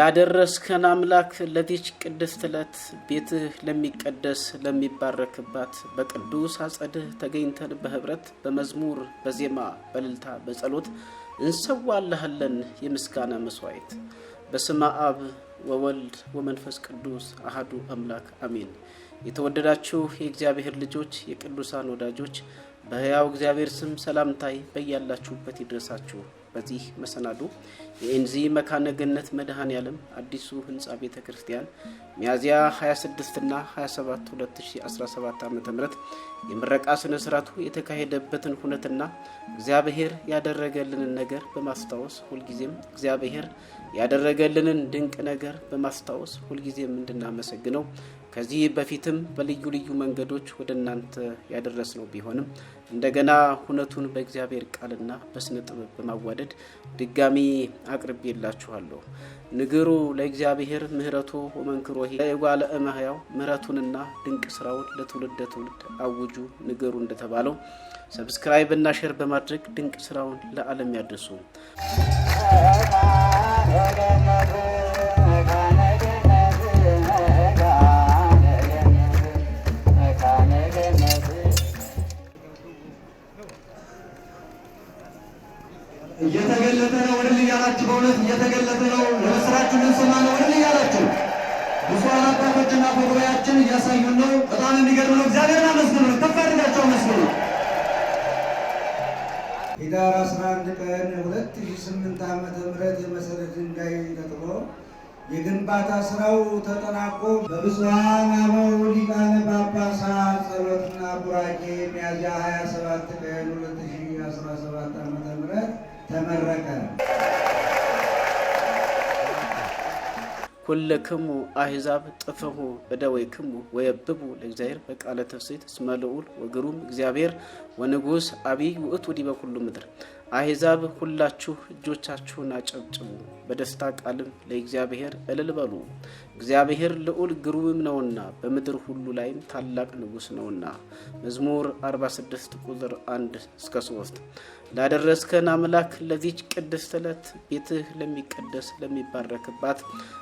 ላደረስከን አምላክ ለዚች ቅድስት ዕለት ቤትህ ለሚቀደስ ለሚባረክባት በቅዱስ አጸድህ ተገኝተን በህብረት በመዝሙር በዜማ በልልታ በጸሎት እንሰዋልሃለን የምስጋና መስዋይት በስመ አብ ወወልድ ወመንፈስ ቅዱስ አህዱ አምላክ አሜን። የተወደዳችሁ የእግዚአብሔር ልጆች የቅዱሳን ወዳጆች በሕያው እግዚአብሔር ስም ሰላምታይ በያላችሁበት ይድረሳችሁ። በዚህ መሰናዶ የኤንዚ መካነ ገነት መድኃኔ ዓለም አዲሱ ህንፃ ቤተ ክርስቲያን ሚያዝያ 26ና 27 2017 ዓ ም የምረቃ ስነ ስርዓቱ የተካሄደበትን ሁነትና እግዚአብሔር ያደረገልንን ነገር በማስታወስ ሁልጊዜም እግዚአብሔር ያደረገልንን ድንቅ ነገር በማስታወስ ሁልጊዜም እንድናመሰግነው ከዚህ በፊትም በልዩ ልዩ መንገዶች ወደ እናንተ ያደረስነው ቢሆንም እንደገና ሁነቱን በእግዚአብሔር ቃልና በስነ ጥበብ በማዋደድ ድጋሚ አቅርቤላችኋለሁ። ንግሩ ለእግዚአብሔር ምህረቱ ወመንክሮ የጓለ እመህያው ምህረቱንና ድንቅ ስራውን ለትውልድ ትውልድ አውጁ ንገሩ እንደተባለው ሰብስክራይብ እና ሼር በማድረግ ድንቅ ስራውን ለዓለም ያድርሱ። ድንጋይ ተጥሎ የግንባታ ስራው ተጠናቆ በብፁዓን አበው ሊቃነ ጳጳሳት ጸሎትና ቡራኬ ሚያዝያ 27 ቀን 2017 ዓ ም ተመረቀ። ኩልክሙ አሕዛብ ጥፍሑ እደወይክሙ ወየብቡ ለእግዚአብሔር በቃለ ተፍሥሕት እስመ ልዑል ወግሩም እግዚአብሔር ወንጉሥ አቢይ ውእቱ ዲበ ኩሉ ምድር አሕዛብ ሁላችሁ እጆቻችሁን አጨብጭቡ፣ በደስታ ቃልም ለእግዚአብሔር እልል በሉ። እግዚአብሔር ልዑል ግሩምም ነውና በምድር ሁሉ ላይም ታላቅ ንጉሥ ነውና። መዝሙር 46 ቁጥር 1 እስከ 3 ላደረስከን አምላክ ለዚች ቅድስት ዕለት ቤትህ ለሚቀደስ ለሚባረክባት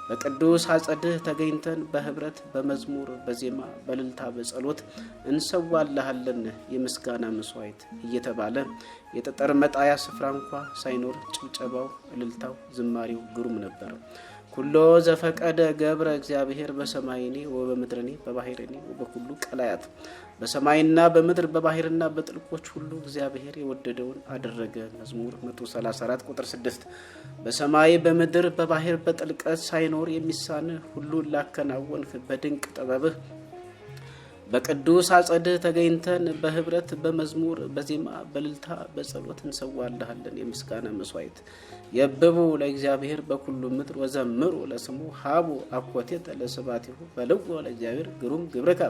በቅዱስ አጸድህ ተገኝተን በህብረት በመዝሙር በዜማ በልልታ በጸሎት እንሰዋልሃለን የምስጋና መስዋዕት እየተባለ የጠጠር መጣያ ስፍራ እንኳ ሳይኖር ጭብጨባው፣ እልልታው፣ ዝማሬው ግሩም ነበር። ኩሎ ዘፈቀደ ገብረ እግዚአብሔር በሰማይኒ ወበምድርኒ በባህርኒ ወበኩሉ ቀላያት በሰማይና በምድር በባህርና በጥልቆች ሁሉ እግዚአብሔር የወደደውን አደረገ። መዝሙር 134 ቁጥር 6 በሰማይ በምድር በባህር በጥልቀት ሳይኖር የሚሳንህ ሁሉን ላከናወንህ በድንቅ ጥበብህ በቅዱስ አጸድህ ተገኝተን በህብረት በመዝሙር በዜማ በልልታ በጸሎት እንሰዋልሃለን የምስጋና መስዋዕት። የብቡ ለእግዚአብሔር በኩሉ ምድር ወዘምሩ ለስሙ ሀቡ አኮቴተ ለስብሐቲሁ በልዎ ለእግዚአብሔር ግሩም ግብርከ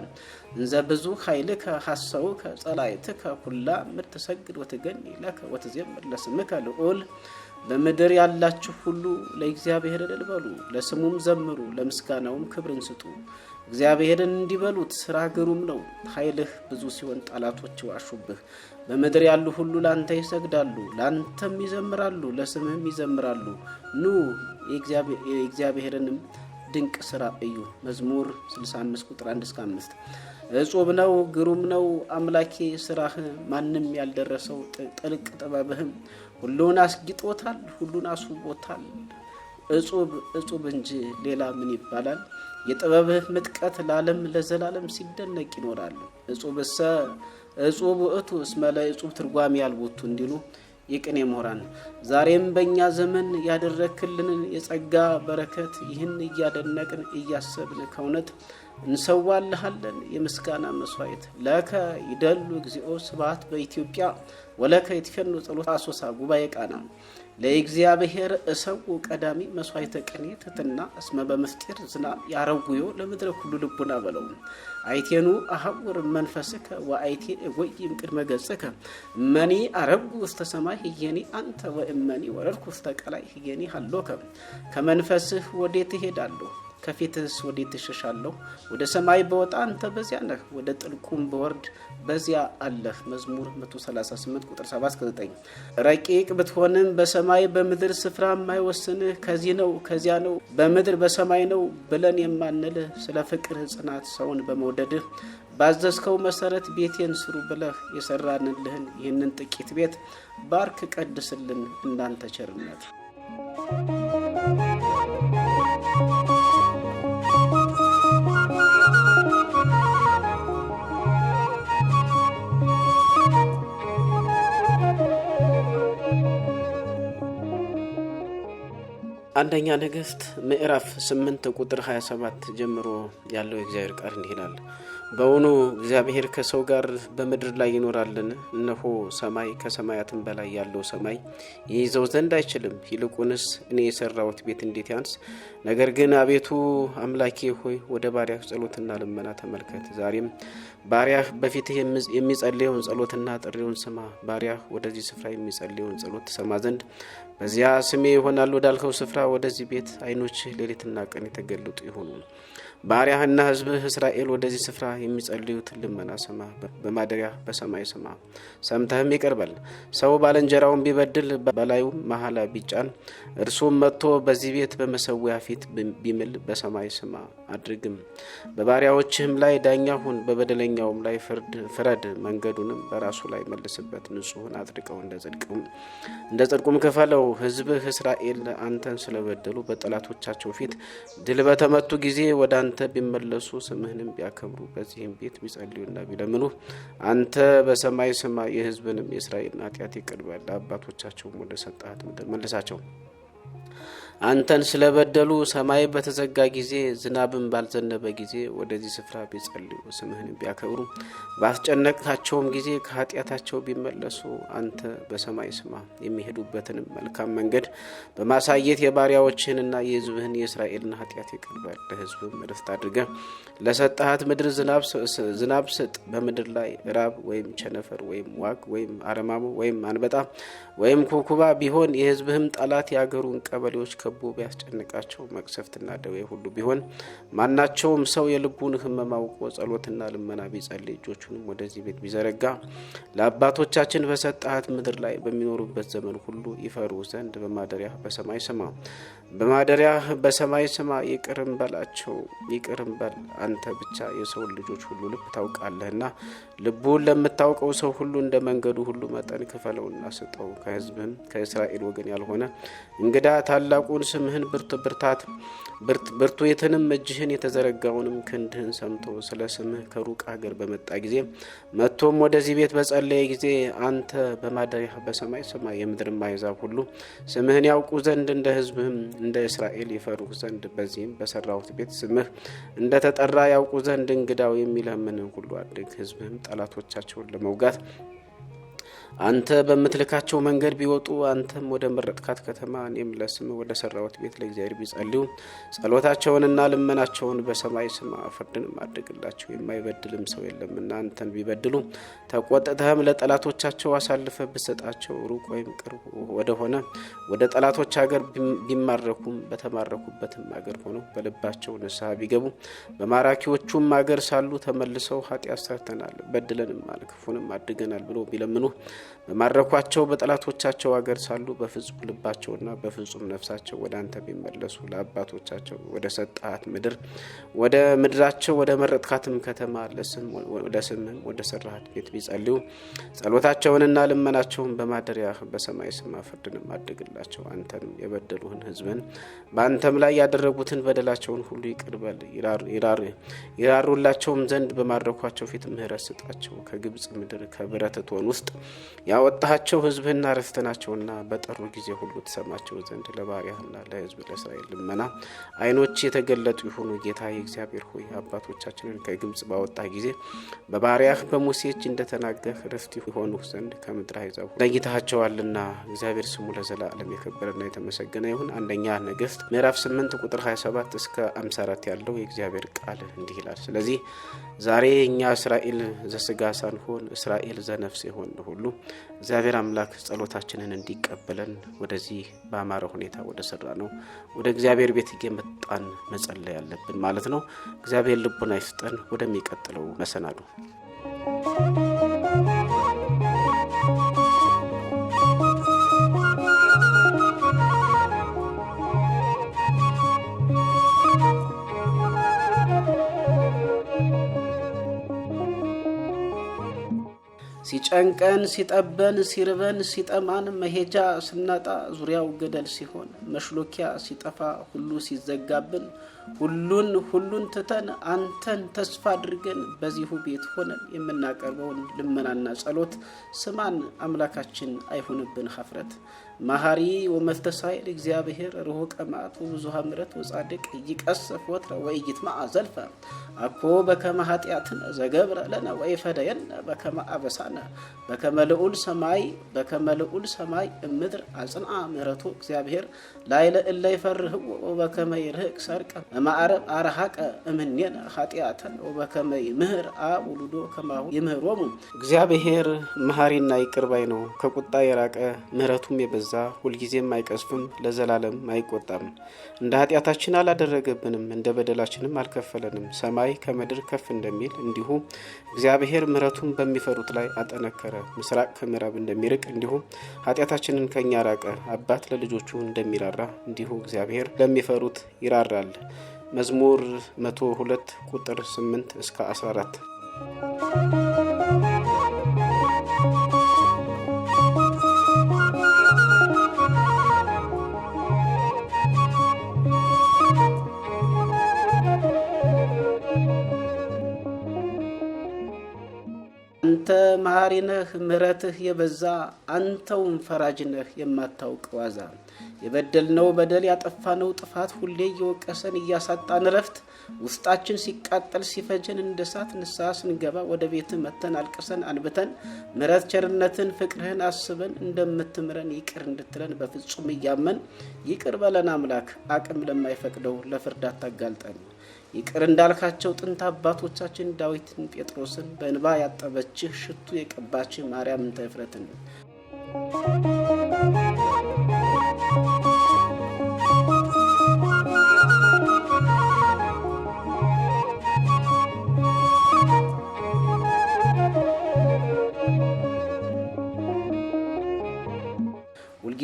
እንዘ ብዙ ኃይልከ ሀሰውከ ጸላእትከ ኩላ ምድር ትሰግድ ወትገኝ ለከ ወትዜምር ለስምከ ልዑል በምድር ያላችሁ ሁሉ ለእግዚአብሔር እልል በሉ፣ ለስሙም ዘምሩ፣ ለምስጋናውም ክብርን ስጡ። እግዚአብሔርን እንዲበሉት ስራ ግሩም ነው። ኃይልህ ብዙ ሲሆን ጠላቶች ዋሹብህ። በምድር ያሉ ሁሉ ለአንተ ይሰግዳሉ፣ ለአንተም ይዘምራሉ፣ ለስምህም ይዘምራሉ። ኑ የእግዚአብሔርንም ድንቅ ስራ እዩ። መዝሙር 65 ቁጥር 1 እስከ 5 እጹብ ነው ግሩም ነው አምላኬ ስራህ፣ ማንም ያልደረሰው ጥልቅ ጥበብህም ሁሉን አስጊጦታል፣ ሁሉን አስውቦታል። እጹብ እጹብ እንጂ ሌላ ምን ይባላል? የጥበብህ ምጥቀት ለዓለም ለዘላለም ሲደነቅ ይኖራል። እጹብሰ እጹብ ውእቱ እስመ እጹብ ትርጓሚ ያልቦቱ እንዲሉ የቅኔ ምሁራን ዛሬም በእኛ ዘመን ያደረክልንን የጸጋ በረከት ይህን እያደነቅን እያሰብን ከእውነት እንሰዋልሃለን የምስጋና መስዋዕት ለከ ይደሉ እግዚኦ ስብሐት በኢትዮጵያ ወለከ ይትፌኑ ጸሎት አሶሳ ጉባኤ ቃና ለእግዚአብሔር እሰው ቀዳሚ መስዋዕተ ቅኔ ትትና እስመ በምፍጢር ዝና ያረጉዮ ለምድረ ሁሉ ልቡና በለው አይቴኑ አሐውር መንፈስከ ወአይቴ እጎይም ቅድመ ገጽከ መኒ አረጉ ውስተ ሰማይ ህየኒ አንተ ወእመኒ ወረድኩ ውስተ ቀላይ ህየኒ ሀሎከ ከመንፈስህ ወዴት ትሄዳለሁ? ከፊትህስ ወዴት እሸሻለሁ? ወደ ሰማይ በወጣ አንተ በዚያ ነህ፣ ወደ ጥልቁም በወርድ በዚያ አለህ። መዝሙር 138 ቁጥር 7-9 ረቂቅ ብትሆንም በሰማይ በምድር ስፍራ የማይወስንህ ከዚህ ነው ከዚያ ነው በምድር በሰማይ ነው ብለን የማንልህ ስለ ፍቅርህ ጽናት ሰውን በመውደድህ ባዘዝከው መሰረት ቤቴን ስሩ ብለህ የሰራንልህን ይህንን ጥቂት ቤት ባርክ፣ ቀድስልን እናንተ ቸርነት አንደኛ ነገሥት ምዕራፍ 8 ቁጥር 27 ጀምሮ ያለው የእግዚአብሔር ቃል እንዲህ ይላል በውኑ እግዚአብሔር ከሰው ጋር በምድር ላይ ይኖራልን? እነሆ ሰማይ ከሰማያትም በላይ ያለው ሰማይ ይይዘው ዘንድ አይችልም፣ ይልቁንስ እኔ የሰራሁት ቤት እንዴት ያንስ? ነገር ግን አቤቱ አምላኬ ሆይ ወደ ባሪያህ ጸሎትና ልመና ተመልከት። ዛሬም ባሪያህ በፊትህ የሚጸልየውን ጸሎትና ጥሪውን ስማ። ባሪያህ ወደዚህ ስፍራ የሚጸልየውን ጸሎት ትሰማ ዘንድ በዚያ ስሜ ይሆናል ወዳልከው ስፍራ ወደዚህ ቤት አይኖች ሌሊትና ቀን የተገለጡ ይሆኑ። ባሪያህና ህዝብህ እስራኤል ወደዚህ ስፍራ የሚጸልዩትን ልመና ስማ፣ በማደሪያ በሰማይ ስማ፣ ሰምተህም ይቅር ሰው ባልንጀራውን ቢበድል በላዩም መሐላ ቢጫን እርሱም መጥቶ በዚህ ቤት በመሰዊያ ፊት ቢምል በሰማይ ስማ አድርግም። በባሪያዎችህም ላይ ዳኛ ሁን፣ በበደለኛውም ላይ ፍረድ፣ መንገዱንም በራሱ ላይ መልስበት፣ ንጹሕን አጥርቀው እንደ ጽድቅም እንደ ጽድቁም ክፈለው። ህዝብህ እስራኤል አንተን ስለበደሉ በጠላቶቻቸው ፊት ድል በተመቱ ጊዜ ወደ አንተ ቢመለሱ ስምህንም ቢያከብሩ በዚህም ቤት ቢጸልዩና ቢለምኑ አንተ በሰማይ ስማ የህዝብንም የእስራኤልን ኃጢአት ይቅር በል ለአባቶቻቸውም ወደ ሰጣት ምድር መልሳቸው። አንተን ስለበደሉ ሰማይ በተዘጋ ጊዜ ዝናብን ባልዘነበ ጊዜ ወደዚህ ስፍራ ቢጸልዩ ስምህን ቢያከብሩ ባስጨነቅካቸውም ጊዜ ከኃጢአታቸው ቢመለሱ አንተ በሰማይ ስማ፣ የሚሄዱበትን መልካም መንገድ በማሳየት የባሪያዎችህንና የህዝብህን የእስራኤልን ኃጢአት ይቅርበል ለህዝብም ለሕዝብም ርስት አድርገ ለሰጠሃት ምድር ዝናብ ስጥ። በምድር ላይ ራብ ወይም ቸነፈር ወይም ዋግ ወይም አረማሞ ወይም አንበጣ ወይም ኩኩባ ቢሆን የህዝብህም ጠላት የአገሩን ቀበ ቀበሌዎች ከቦ ቢያስጨንቃቸው መቅሰፍትና ደዌ ሁሉ ቢሆን ማናቸውም ሰው የልቡን ሕመም አውቆ ጸሎትና ልመና ቢጸል እጆቹንም ወደዚህ ቤት ቢዘረጋ ለአባቶቻችን በሰጣት ምድር ላይ በሚኖሩበት ዘመን ሁሉ ይፈሩ ዘንድ በማደሪያ በሰማይ ስማ በማደሪያ በሰማይ ስማ ይቅርም በላቸው ይቅርም በል አንተ ብቻ የሰውን ልጆች ሁሉ ልብ ታውቃለህና ልቡን ለምታውቀው ሰው ሁሉ እንደ መንገዱ ሁሉ መጠን ክፈለውና ስጠው ከህዝብም ከእስራኤል ወገን ያልሆነ እንግዳ ታላቁን ስምህን ብርቱ ብርታት የትንም እጅህን የተዘረጋውንም ክንድህን ሰምቶ ስለ ስምህ ከሩቅ ሀገር በመጣ ጊዜ መጥቶም ወደዚህ ቤት በጸለየ ጊዜ አንተ በማደሪያ በሰማይ ሰማይ የምድርም አይዛብ ሁሉ ስምህን ያውቁ ዘንድ እንደ ሕዝብህም እንደ እስራኤል ይፈሩህ ዘንድ በዚህም በሰራሁት ቤት ስምህ እንደተጠራ ያውቁ ዘንድ እንግዳው የሚለምንን ሁሉ አድግ። ሕዝብህም ጠላቶቻቸውን ለመውጋት አንተ በምትልካቸው መንገድ ቢወጡ አንተም ወደ መረጥካት ከተማ እኔም ለስም ወደ ሰራሁት ቤት ለእግዚአብሔር ቢጸልዩ ጸሎታቸውንና ልመናቸውን በሰማይ ስማ፣ ፍርድንም አድርግላቸው። የማይበድልም ሰው የለምና አንተን ቢበድሉ ተቆጥተህም ለጠላቶቻቸው አሳልፈ ብሰጣቸው ሩቅ ወይም ቅርብ ወደሆነ ወደ ጠላቶች ሀገር ቢማረኩም በተማረኩበትም ሀገር ሆነው በልባቸው ንስሐ ቢገቡ በማራኪዎቹም ሀገር ሳሉ ተመልሰው ኃጢአት ሰርተናል፣ በድለንም አልክፉንም አድገናል ብሎ ቢለምኑ በማረኳቸው በጠላቶቻቸው አገር ሳሉ በፍጹም ልባቸውና በፍጹም ነፍሳቸው ወደ አንተ ቢመለሱ ለአባቶቻቸው ወደ ሰጣት ምድር ወደ ምድራቸው ወደ መረጥካትም ከተማ ለስምህም ወደ ሰራሃት ቤት ቢጸልዩ ጸሎታቸውንና ልመናቸውን በማደሪያ በሰማይ ስማ ፍርድንም አድግላቸው። አንተንም የበደሉህን ህዝብን በአንተም ላይ ያደረጉትን በደላቸውን ሁሉ ይቅርበል ይራሩላቸውም ዘንድ በማረኳቸው ፊት ምህረት ስጣቸው። ከግብፅ ምድር ከብረት እቶን ውስጥ ያወጣቸው ሕዝብህና ርስት ናቸውና በጠሩ ጊዜ ሁሉ ትሰማቸው ዘንድ ለባሪያህና ለህዝብ ለእስራኤል ልመና አይኖች የተገለጡ ይሁኑ። ጌታ የእግዚአብሔር ሆይ አባቶቻችንን ከግብፅ ባወጣ ጊዜ በባሪያህ በሙሴ እጅ እንደተናገርህ ርስት የሆኑ ዘንድ ከምድር አሕዛብ ለይተሃቸዋልና። እግዚአብሔር ስሙ ለዘላለም የከበረና የተመሰገነ ይሁን። አንደኛ ነገስት ምዕራፍ 8 ቁጥር 27 እስከ 54 ያለው የእግዚአብሔር ቃል እንዲህ ይላል። ስለዚህ ዛሬ እኛ እስራኤል ዘስጋ ሳንሆን እስራኤል ዘነፍስ የሆን ሁሉ እግዚአብሔር አምላክ ጸሎታችንን እንዲቀበለን ወደዚህ በአማረ ሁኔታ ወደ ሰራ ነው ወደ እግዚአብሔር ቤት እየመጣን መጸለይ ያለብን ማለት ነው። እግዚአብሔር ልቡን አይስጠን። ወደሚቀጥለው መሰናዱ ሲጨንቀን ሲጠበን ሲርበን ሲጠማን መሄጃ ስናጣ ዙሪያው ገደል ሲሆን መሽሎኪያ ሲጠፋ ሁሉ ሲዘጋብን ሁሉን ሁሉን ትተን አንተን ተስፋ አድርገን በዚሁ ቤት ሆነን የምናቀርበውን ልመናና ጸሎት ስማን አምላካችን፣ አይሁንብን ሀፍረት። መሐሪ ወመፍተሳይል እግዚአብሔር ርሁቀ መዓት ወብዙሃ ምሕረት ወጻድቅ ይቀስፍ ወትረ ወኢይትመዓዕ ዘልፈ አኮ በከመ ኃጢአትነ ዘገብረ ለነ ወኢፈደየነ በከመ አበሳነ በከመ ልዑል ሰማይ በከመ ልዑል ሰማይ እምድር አጽንአ ምሕረቱ እግዚአብሔር ላይለ እለ ይፈርህ ወበከመ ይርህቅ ሰርቀ እማዕረብ አረሃቀ እምኔን ኃጢአተን ወበከመ ምህር አውሉዶ ውሉዶ ከማሁ ይምህሮሙ። እግዚአብሔር መሐሪና ይቅርባይ ነው፣ ከቁጣ የራቀ ምሕረቱም የበዛ ሁልጊዜም አይቀስፍም፣ ለዘላለም አይቆጣም። እንደ ኃጢአታችን አላደረገብንም፣ እንደ በደላችንም አልከፈለንም። ሰማይ ከምድር ከፍ እንደሚል እንዲሁ እግዚአብሔር ምሕረቱን በሚፈሩት ላይ አጠነከረ። ምስራቅ ከምዕራብ እንደሚርቅ እንዲሁም ኃጢአታችንን ከኛ ራቀ። አባት ለልጆቹ እንደሚራር ሲያበራ እንዲሁ እግዚአብሔር ለሚፈሩት ይራራል። መዝሙር 102 ቁጥር 8 እስከ 14 ፈጣሪ ነህ፣ ምሕረትህ የበዛ አንተውን ፈራጅ ነህ የማታውቅ ዋዛ። የበደልነው በደል ያጠፋነው ጥፋት ሁሌ እየወቀሰን እያሳጣን እረፍት ውስጣችን ሲቃጠል ሲፈጀን እንደ እሳት ንስሐ ስንገባ ወደ ቤት መተን አልቅሰን አንብተን ምሕረት ቸርነትን ፍቅርህን አስበን እንደምትምረን ይቅር እንድትለን በፍጹም እያመን ይቅር በለን አምላክ አቅም ለማይፈቅደው ለፍርድ አታጋልጠን። ይቅር እንዳልካቸው ጥንት አባቶቻችን ዳዊትን፣ ጴጥሮስን በእንባ ያጠበችህ ሽቱ የቀባችህ ማርያም እንተ እፍረት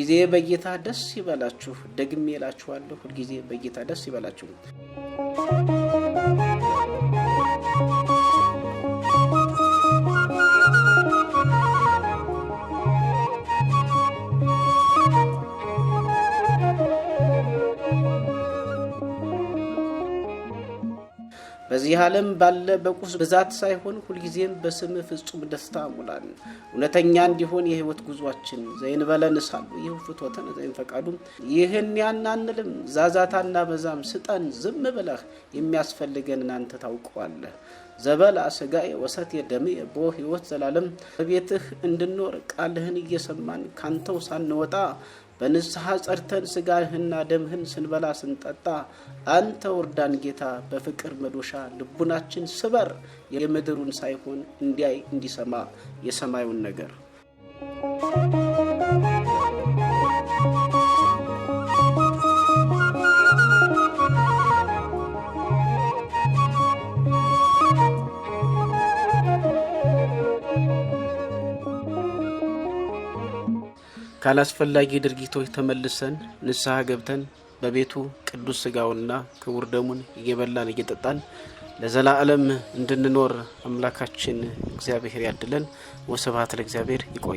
ሁልጊዜ በጌታ ደስ ይበላችሁ። ደግሜ እላችኋለሁ፣ ሁልጊዜ በጌታ ደስ ይበላችሁ። በዚህ ዓለም ባለ በቁስ ብዛት ሳይሆን ሁልጊዜም በስም ፍጹም ደስታ ሙላን። እውነተኛ እንዲሆን የህይወት ጉዟችን ዘይንበለን ሳሉ ይህ ፍትወተን ዘይን ፈቃዱ ይህን ያናንልም ዛዛታና በዛም ስጠን ዝም ብለህ የሚያስፈልገን እናንተ ታውቀዋለህ። ዘበላ ስጋዬ ወሰት የደሜ ቦ ህይወት ዘላለም በቤትህ እንድኖር ቃልህን እየሰማን ካንተው ሳንወጣ በንስሐ ጸርተን ስጋህና ደምህን ስንበላ ስንጠጣ አንተ ወርዳን ጌታ በፍቅር መዶሻ ልቡናችን ስበር የምድሩን ሳይሆን እንዲያይ እንዲሰማ የሰማዩን ነገር ካላስፈላጊ ድርጊቶች ተመልሰን ንስሐ ገብተን በቤቱ ቅዱስ ስጋውንና ክቡር ደሙን እየበላን እየጠጣን ለዘላለም እንድንኖር አምላካችን እግዚአብሔር ያድለን። ወስብሐት ለእግዚአብሔር። ይቆያል።